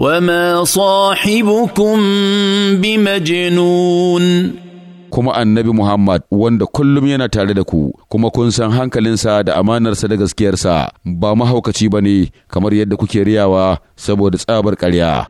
وما صاحبكم بمجنون kuma annabi Muhammad wanda kullum yana tare da ku kuma kun san hankalinsa da amanarsa da gaskiyarsa ba mahaukaci ba ne kamar yadda kuke riyawa saboda tsabar ƙarya.